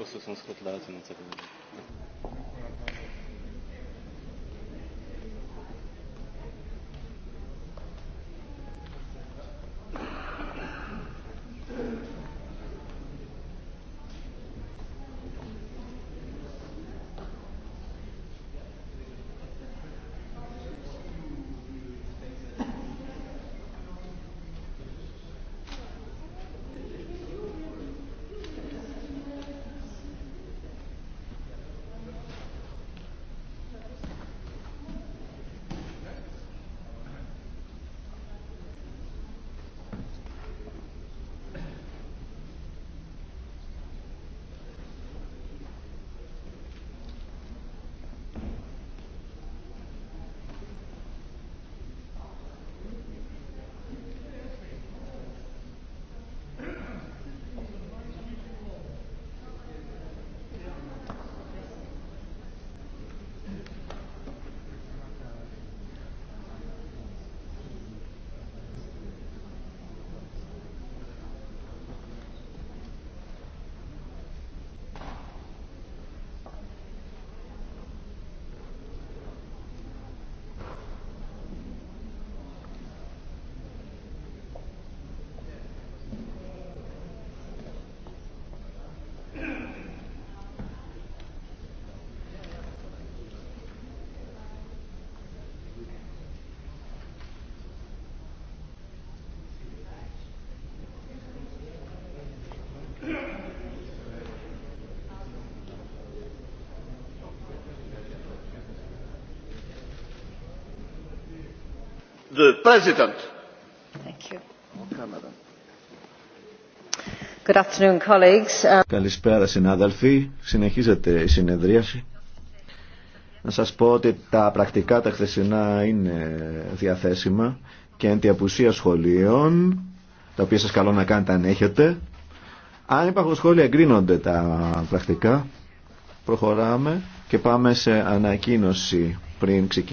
όσο Καλησπέρα συνάδελφοι. Συνεχίζεται η συνεδρίαση. Να σας πω ότι τα πρακτικά τα χθεσινά είναι διαθέσιμα και εντιαπουσία σχολείων, τα οποία σας καλώ να κάνετε αν έχετε. Αν υπάρχουν σχόλια εγκρίνονται τα πρακτικά. Προχωράμε και πάμε σε ανακοίνωση πριν ξεκινήσουμε.